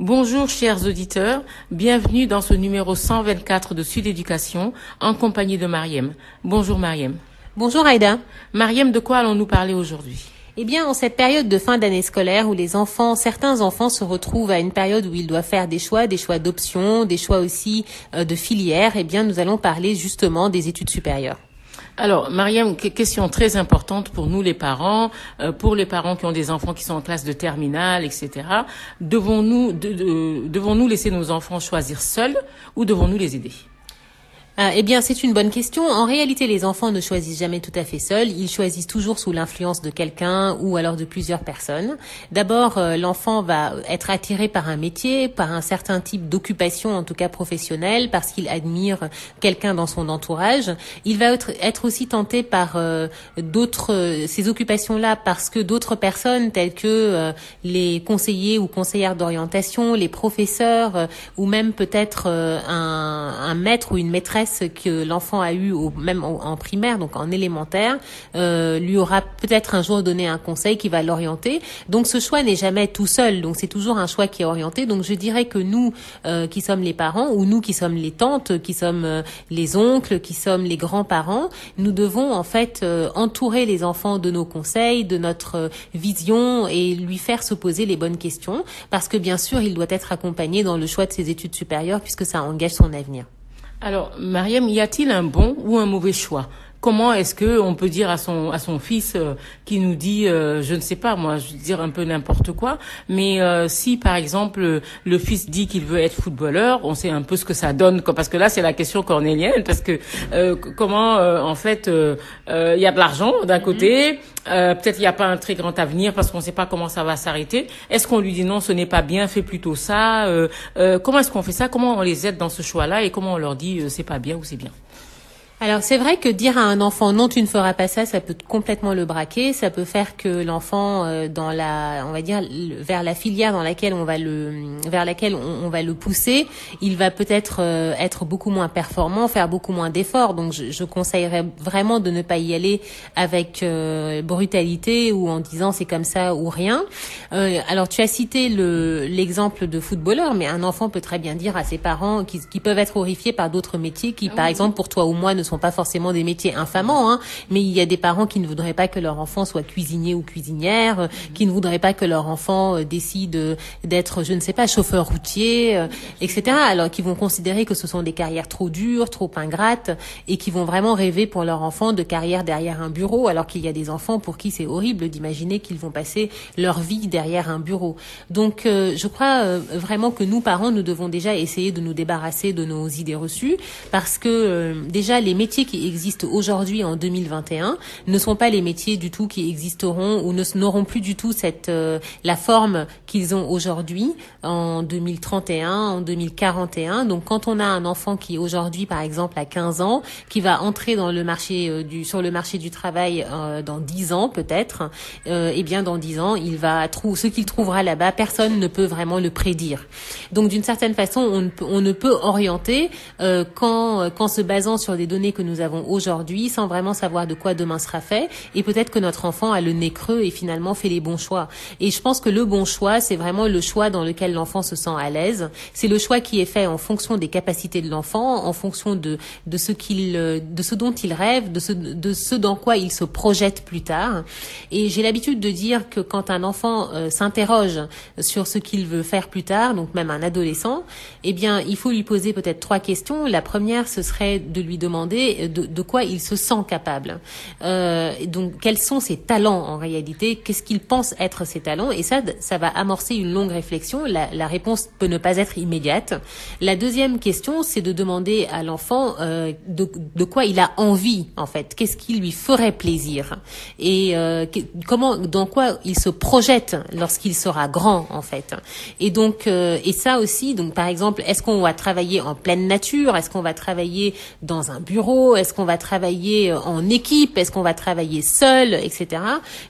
Bonjour chers auditeurs, ce numéro 124 de Sud Éducation en compagnie de Mariem. Bonjour Mariem. Bonjour Aïda. Mariem, de quoi allons-nous parler aujourd'hui eh de fin d'année scolaire où les enfants, certains enfants se retrouvent à une période où ils doivent faire des choix, euh, de filières, eh Alors, Mariam, question très importante pour nous les parents, euh, pour les parents qui ont des enfants qui sont en classe de terminale, etc. Devons-nous de, de, devons-nous laisser nos enfants choisir seuls ou devons-nous les aider Ah, eh bien, c'est une bonne question. En réalité, les enfants ne choisissent jamais tout à fait seuls. Ils choisissent toujours sous l'influence de quelqu'un ou alors de plusieurs personnes. D'abord, euh, l'enfant va être attiré par un métier, par un certain type d'occupation, en tout cas professionnelle, parce qu'il admire quelqu'un dans son entourage. Il va être, aussi tenté par euh, d'autres euh, que d'autres personnes, telles que les conseillers ou conseillères d'orientation, les professeurs stress que l'enfant a eu au, même au, en primaire, donc en élémentaire, euh, lui aura peut-être un jour donné un conseil qui va l'orienter. Donc ce choix n'est jamais tout seul, donc c'est toujours un choix qui est orienté. Donc je dirais que nous euh, qui sommes les parents, ou nous qui sommes les tantes, qui sommes euh, les oncles, qui sommes les grands-parents, nous devons en fait euh, entourer les enfants de nos conseils, de notre vision et lui faire se poser les bonnes questions, parce que bien Alors, Mariam, y a-t-il un bon ou un mauvais choix Comment est-ce que on peut dire à son à son fils euh, qui nous dit euh, je ne sais pas moi je veux dire un peu n'importe quoi mais euh, si par exemple le fils dit qu'il veut être footballeur on sait un peu ce que ça donne quoi, parce que là c'est la question cornélienne parce que euh, comment euh, en fait euh, il y a de l'argent d'un mm-hmm. côté peut-être il n'y a pas un très grand avenir parce qu'on ne sait pas comment ça va s'arrêter est-ce qu'on lui dit non ce n'est pas bien fais plutôt ça comment est-ce qu'on fait ça comment on les aide dans ce choix là et comment on leur dit c'est pas bien ou c'est bien Alors c'est vrai que dire à un enfant non tu ne feras pas ça, peut complètement le braquer, ça peut faire que l'enfant euh, dans la filière dans laquelle on va le pousser, il va peut-être euh, être beaucoup moins performant, faire beaucoup moins d'efforts. Donc je, je, conseillerais vraiment de ne pas y aller avec euh, brutalité ou en disant c'est comme ça ou rien. Euh, tu as cité l'exemple de footballeur, mais un enfant peut très bien dire à ses parents qui, peuvent être horrifiés par sont pas forcément des métiers infamants, hein, mais il y a des parents qui ne voudraient pas que leur enfant soit cuisinier ou cuisinière, euh, mm-hmm. qui ne voudraient pas que leur enfant euh, décide euh, d'être, chauffeur routier, etc. Alors qui vont considérer que ce sont des carrières trop dures, trop ingrates, et qui vont vraiment rêver pour leur enfant de carrière derrière un bureau, alors qu'il y a des enfants pour qui c'est horrible d'imaginer qu'ils vont passer leur vie métiers qui existent aujourd'hui en ne sont pas les métiers du tout qui existeront ou n'auront plus du tout cette euh, la forme qu'ils ont aujourd'hui en en Donc quand on a un enfant qui aujourd'hui par exemple a 15 ans, qui va entrer euh, sur le marché du travail euh, dans 10 ans peut-être, euh, eh bien dans 10 ans, il va trouvera là-bas, personne ne peut vraiment le prédire. d'une certaine façon, on ne peut, orienter qu'en se basant sur des données journée que nous avons aujourd'hui sans vraiment savoir de quoi demain sera fait. Et peut-être que notre enfant a le nez creux et finalement fait les bons choix. Et je le choix, dans lequel l'enfant se sent à l'aise. C'est le choix qui est fait en fonction des capacités de l'enfant, en fonction de, euh, ce dont il se projette plus tard. Et j'ai l'habitude de dire que quand un enfant euh, s'interroge sur ce qu'il veut faire plus tard, donc même un adolescent, eh il faut lui demander euh, de, de quoi il se sent capable. Euh, donc, quels sont ses talents en réalité Qu'est-ce qu'il pense être ses talents Et ça, ça va amorcer une longue réflexion. La, la réponse peut ne pas être immédiate. La deuxième question, c'est de demander à l'enfant euh, de, de, quoi il a envie, en fait. Qu'est-ce qui lui ferait plaisir Et euh, comment, dans quoi il se projette lorsqu'il sera grand, en fait. Et donc, euh, et ça aussi, donc par exemple, est-ce qu'on va travailler en pleine nature Est-ce qu'on va travailler dans un bureau bureau Est-ce qu'on va travailler euh, en équipe Est-ce qu'on va travailler seul, etc.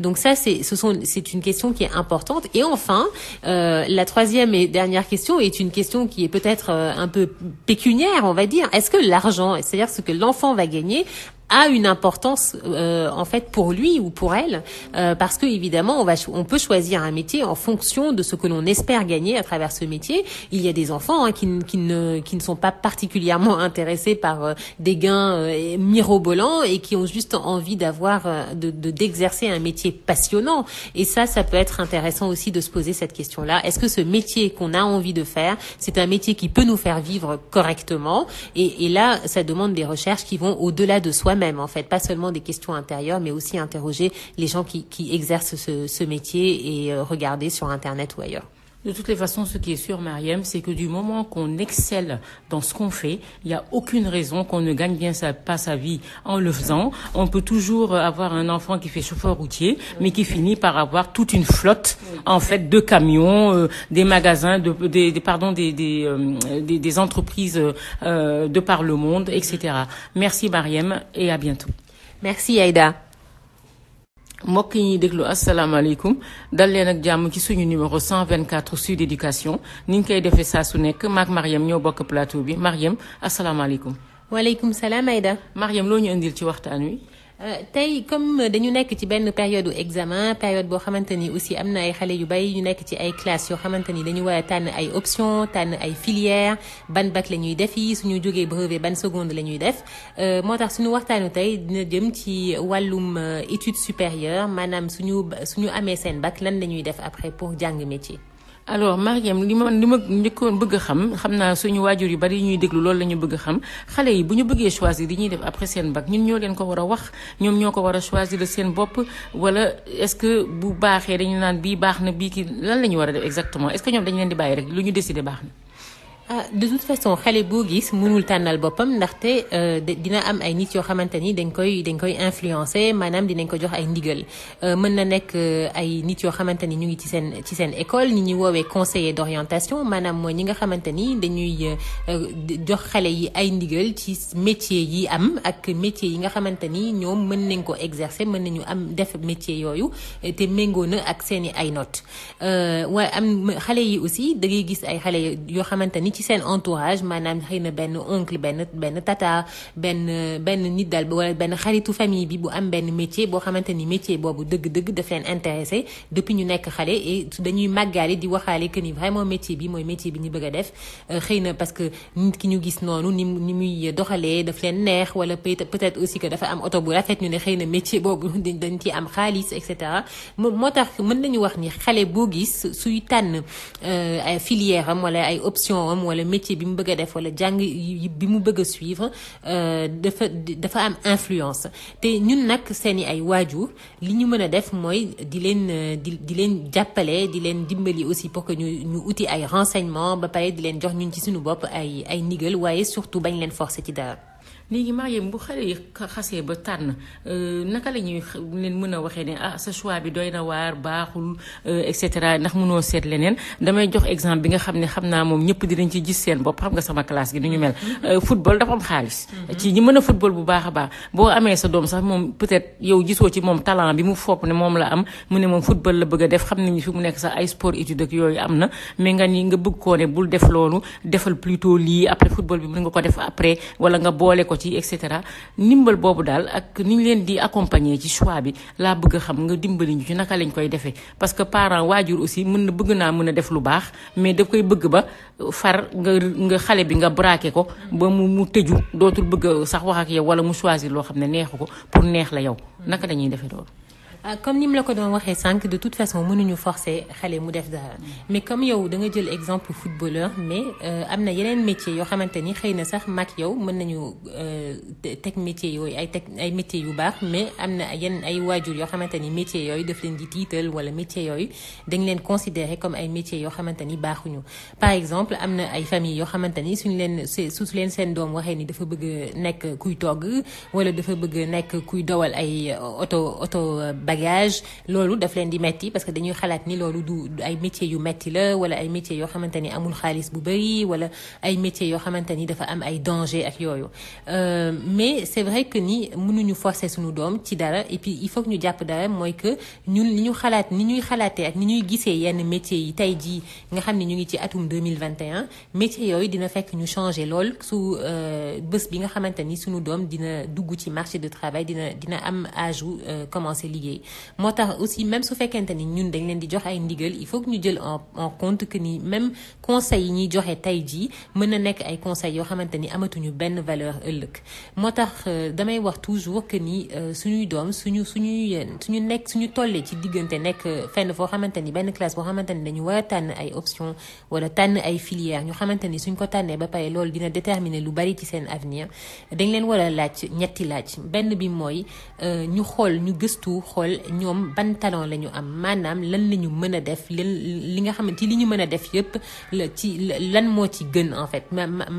Donc ça, c'est ce sont c'est une question qui est importante. Et enfin, euh, la troisième et dernière question est une question qui est peut-être euh, un peu pécuniaire, on va dire. Est-ce que l'argent, c'est-à-dire ce que l'enfant va gagner, a une importance euh, pour lui ou pour elle euh, parce que on peut choisir un métier en fonction de ce que l'on espère gagner à travers ce métier il y a des enfants qui, ne sont pas particulièrement intéressés par euh, des gains euh, mirobolants et qui ont juste envie d'exercer un métier passionnant et ça peut être intéressant aussi de se poser cette question là est-ce que ce métier qu'on a envie de faire c'est un métier qui peut nous faire vivre correctement et, elle-même, en fait, pas seulement des questions intérieures, mais aussi interroger les gens qui, exercent ce métier et euh, regarder sur Internet ou ailleurs. De toutes les façons, ce qui est sûr, Mariam, c'est que du moment qu'on excelle dans ce qu'on fait, il n'y a aucune raison qu'on ne gagne bien pas sa vie en le faisant. On peut toujours avoir un enfant qui fait chauffeur routier, mais qui finit par avoir toute une flotte, en fait, de camions, euh, des magasins, de, des, des, pardon, des, des, euh, entreprises euh, de par le monde, etc. Merci, Mariam, et à bientôt. mbokk yi ñuy déglu asalaamaaleykum dal leen ak jàmm ci suñu numéro 124 sud éducation ni ñu koy defee saa su nekk maak Mariam ñëw bokk plateau bi Mariam asalaamaaleykum. waaleykum salaam Aïda. Mariam loo ñu indil ci waxtaan wi. Euh, tey comme dañu nekk ci benn période examen période boo xamante ni aussi am na ay xale yu bay ñu nekk ci ay classes yoo xamante ni dañu war tànn ay options tànn ay filières ban bac la ñuy def yi suñu jógee brevet ban seconde la ñuy def euh, moo tax suñu waxtaanu tey dina jëm ci wàllum euh, étude supérieure maanaam suñu suñu amee seen bac lan la ñuy def après pour jàng métier. alors Mariam li ma li ma njëkkoon bëgg xam xam naa suñu waajur yu bari ñuy déglu loolu la ñu bëgg xam xale yi bu ñu bëggee choisir li ñuy def après seen bac ñun ñoo leen ko war a wax ñoom ñoo ko war a choisir seen bopp wala est-ce que bu baaxee dañu naan bii baax na bii ki lan la war a def exactement est-ce ñoom dañu leen di bàyyi rek lu ñu décider baax na. ah de toute façon xale boo gis mënul tànnal boppam ndaxte euh, dina am ay nit yoo xamante ni dañ koy dañ koy influencer maanaam dinañ ko jox ay ndigal euh, mën na nekk euh, ay nit yoo xamante ni ñu ngi ci seen ci seen école ñi ñuy woowee conseiller d'orientation maanaam mooy ñi nga xamante ni dañuy jox xale yi ay ndigal ci métier yi am ak métier yi nga xamante ni ñoom mën nañ ko exercer mën nañu am def métier yooyu te méngoo na ak seeni ay notes waaye am xale yi aussi dangay gis ay xale yoo xamante ni ci seen entourage maanaam xëy na benn oncle benn benn tata benn benn nit daal wala benn xaritu famille bi bu am benn métier boo xamante ni métier boobu dëgg-dëgg daf leen intéressé depuis ñu nekk xale et dañuy màggaale di waxaale que ni vraiment métier bi mooy métier bi ñu bëgg a def euh, xëy na parce que nit ki ñu gis noonu ni ni muy doxalee daf leen neex wala peut-être aussi que dafa am oto bu rafet ñu ne xëy na métier boobu dañ ci am xaalis et cetera moo tax mën nañu wax ni xale boo gis suy tànn euh, ay filière am wala métier bi mu bëgg a def wala jàng yi bi mu bëgg a suivre euh, dafa dafa am influence te ñun nag seen i ay waajur li ñu mën a def mooy di leen di di leen jàppale di leen dimbali aussi pour que ñu ñu uti ay renseignements ba pare di leen jox ñun ci suñu bopp ay ay ndigal waaye surtout bañ leen forcer ci dara. léegi marié bu xale yi xasee ba tànn euh, naka la mën a waxee ne ah sa choix bi doy na waar baaxul euh, et cetera ndax mënoo seet leneen damay jox exemple bi nga xam ne xam naa moom ñëpp dinañ ci gis seen bopp xam nga sama classe gi ni ñu mel. Mm-hmm. Euh, football dafa am xaalis. Mm-hmm. ci ñi mën a football bu baax a baax boo amee sa doom sax moom peut-être yow gisoo ci moom talent bi mu fopp ne moom la am mu ne moom football la bëgg a def xam nañu fi mu nekk sax ay sport études ak yooyu na mais nga nga bëgg koo bul def loolu defal plutôt lii après football bi ko def ci et cetera ndimbal boobu daal ak ni ñu leen di accompagner ci choix bi laa bëgg a xam nga dimbali ñu ci naka lañ koy defee parce que parent waajur aussi mën na bëgg naa mën a def lu baax mais daf koy bëgg ba far nga nga xale bi nga braqué ko ba mu mu tëju dootul bëgg sax wax ak yow wala mu choisir loo xam ne neexu ko pour neex la yow naka lañuy defee loolu Euh, comme ni mu la ko doon waxee sànq de toute façon mënuñu forcer xale mu def dara mm. mais comme yow da nga jël exemple footballeur mais euh, am na yeneen métiers yoo xamante ni xëy na sax mag yow mën nañu euh, teg métiers yooyu ay teg ay métiers yu baax mais am na yenn ay waajur yoo xamante ni métiers yooyu daf leen di tiital wala métiers yooyu dañ leen considérer comme ay métiers yoo xamante ni baaxuñu par exemple am na ay famille yoo xamante ni suñ leen su leen seen doom waxee ni dafa bëgg nekk kuy togg wala dafa bëgg nekk kuy dowal ay oto oto bagage loolu daf leen di metti parce que dañuy xalaat ni loolu du ay métier yu metti la wala ay métiers yoo xamante ni amul xaalis bu bëri wala ay métier yoo xamante ni dafa am ay danger ak yooyu euh, mais c'est vrai que ni mënuñu forcer suñu doom ci dara et puis il faut ñu jàpp dara mooy que ñun li ñu xalaat ni ñuy xalaatee ak ni ñuy gisee yenn métiers yi tey jii nga xam ne ñu ngi ci atum 2021 métiers yooyu dina fekk ñu changer lool su euh, bés bi nga xamante ni suñu doom dina dugg ci marché de travail dina dina am âge euh, commencer liggéey moo tax aussi même su fekkente ni ñun dañ leen di jox ay ndigal il faut que ñu jël en en compte que ni même conseils yi ñuy joxe tey jii mën na nekk ay conseils yoo xamante ni amatuñu benn valeur ëllëg moo tax euh, damay wax toujours que ni euh, suñuy doom suñu suñuy suñu nekk suñu tollee ci diggante nekk euh, fenn foo xamante ni benn classe boo xamante ni dañu war a tànn ay option wala tànn ay filière ñu xamante ni suñ ko tànnee ba pare loolu dina déterminé lu bari ci seen avenir dañ leen war a laaj ñetti laaj benn bi mooy xool ñoom ban talent la ñu am maanaam lan la ñu mën a def lan li nga xamante li ñu mën a def yëpp la ci lan moo ci gën en fait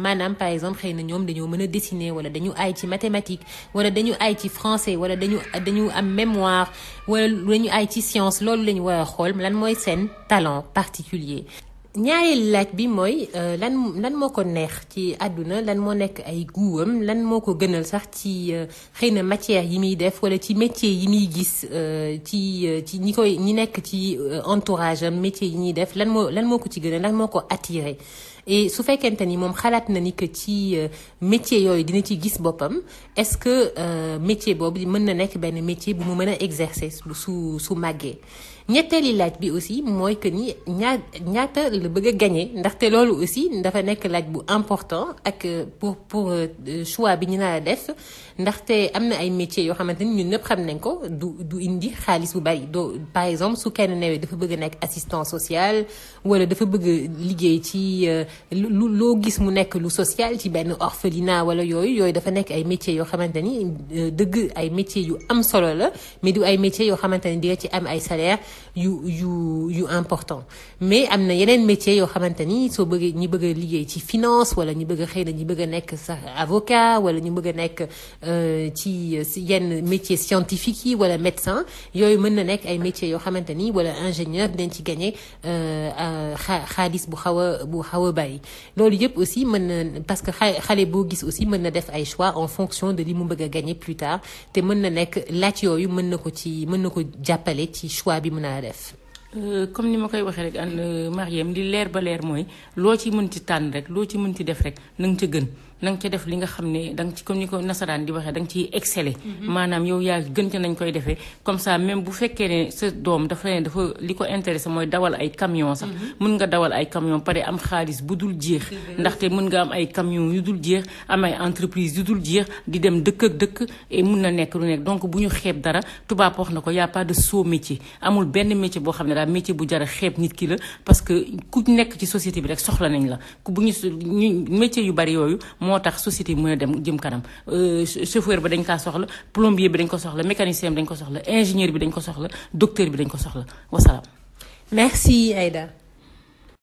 maanaam par exemple xëy na ñoom dañoo mën a dessiner wala dañu ay ci mathématique wala dañu ay ci français wala dañu dañu am mémoire wala dañu ay ci science loolu la ñu war a xool lan mooy seen talent particulier ñaareelu laaj bi mooy euh, lan lan moo ko neex ci àdduna lan moo nekk ay guuwam lan moo ko gënal sax ci euh, xëy na matière yi muy def wala ci métier yi muy gis euh, ci ci ñi koy ñi nekk ci entourage am métier yi ñuy def lan moo lan moo ko ci gënal lan moo ko attiré et su fekkente ni moom xalaat na ni que ci métier yooyu dina ci gis boppam est-ce que métier boobu mën na nekk benn métier bi mu mën a exercer su su màggee ñetteeli laaj bi aussi mooy que ni ñaa ñaata la bëgg a gagné ndaxte loolu aussi dafa nekk laaj bu important ak euh, pour pour euh, choix bi ñu naa a def ndaxte am na ay métiers yoo xamante ni ñun ñëpp xam nañ ko du du indi xaalis bu bari doo par su kenn newee dafa bëgg a nekk assistant social wala dafa bëgg liggéey ci euh, lu loo gis mu nekk lu social ci benn orphelinat wala yooyu yooyu dafa nekk ay métiers yoo xamante ni dëgg ay métier yu am solo la mais ay métiers yoo xamante ni di nga ci am ay salaire yu yu yu important mais am na yeneen métier yoo xamante ni soo bëggee ñi bëggee liggéey ci finance wala ñi bëgg xëy na ñi bëgg a nekk sax avocat wala ñu bëgg a nekk euh, ci si yenn métier scientifique yi wala médecin yooyu mën na nekk ay métiers yoo xamante ni wala ingénieur dañ ci gagné euh, euh, xaalis bu xaw a bu xaw a bari loolu yëpp aussi mën na parce que xale boo gis aussi mën na def ay choix en fonction de li mu bëgg a gagné plus tard te mën na nekk laaj yooyu mën na ko ci mën na ko jàppale ci choix bi mën naa def. Euh, comme ni ma koy waxee rek an euh, Mariem li leer ba leer mooy loo ci mën tànn rek loo ci mën ci def rek na nga ca gën. nan nga ca def li nga xam ne da nga ci comme ni ko nasaraan di waxee danga nga ciy exceller mm-hmm. maanaam yow yaa gën ca nañ koy defee comme ça même bu fekkee ne sa doom dafa ne dafa li ko intéressé mooy dawal ay camion sax mm-hmm. mun nga dawal ay camion pare am xaalis bu dul jeex ndaxte mën nga am ay camion yu dul jeex am ay entreprise yu dul jeex di dem dëkk dëkk mun na nekk lu nekk donc bu ñu xeeb dara tubaab wax na ko y a pas de sot métier amul benn métier boo xam ne daal métier bu jar a nit ki la parce que ku nekk ci société bi rek soxla nañ la ku bu ñu métier yu bari yooyu moo tax société bi mën a dem jëm kanam euh, chauffeur bi dañ kaa soxla plombier bi dañ ko soxla mécanicien bi dañ ko soxla ingénieur bi dañ ko soxla docteur bi dañ ko soxla wasalaam. merci